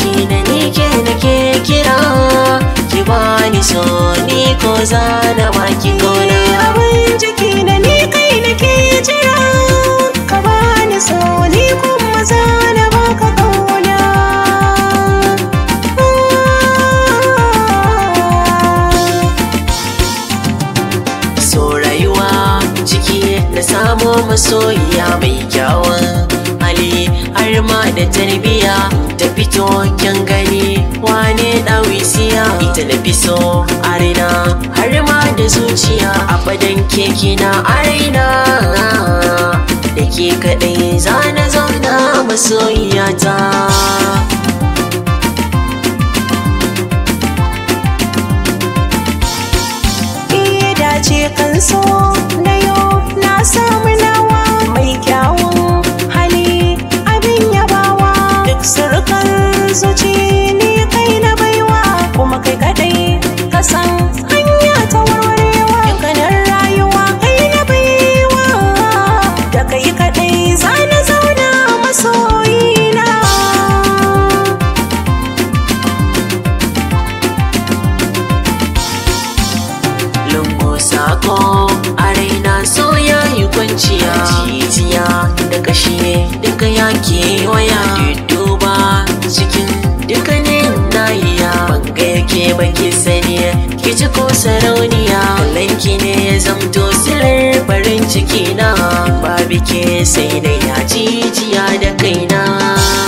ki da ni ke ke kira ki bani so ni ko zana baki gona abin jiki da ni kai ke jira ka bani so ni kuma zana baka kauna so rayuwa ciki na samo masoyiya mai kyawa ali har da tarbiya ta fito kyan gani wane ɗawisiya ita da fiso arina har da zuciya a fadan keke na arina da ke kaɗai zana zauna masoyiyata sako a raina so ya yi kwanciya jijiya da kashi duka ya waya duba cikin dukkanin nahiya banga ke baki sani ki ci ko sarauniya lanki ne ya zamto sirar farin ciki na ba bike sai da ya jijiya da kaina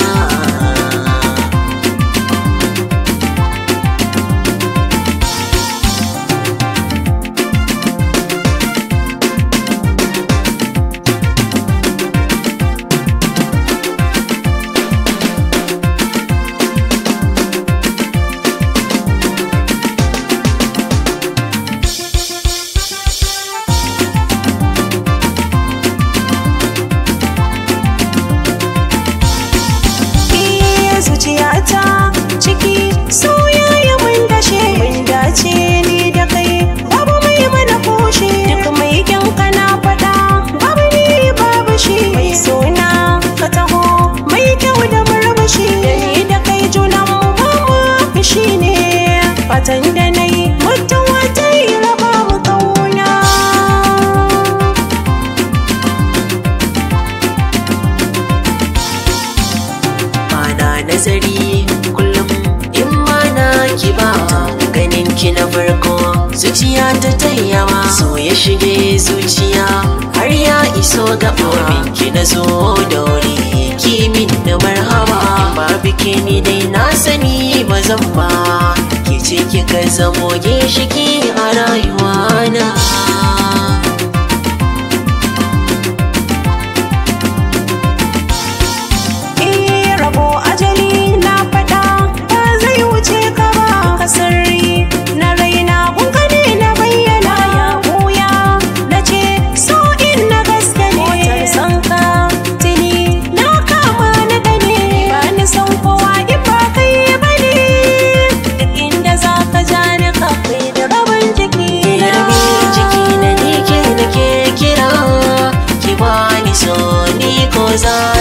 fatan da na yi mutum wata yi raba mu kauna mana nazari kullum in mana ki ba ganin ki na farko zuciya ta tayyawa so ya shige zuciya har ya iso Domin ki na zo da wuri ki min da marhaba ba ni dai na sani ba zan ba Ki kika zamo ginshiki a rayuwa na goes on.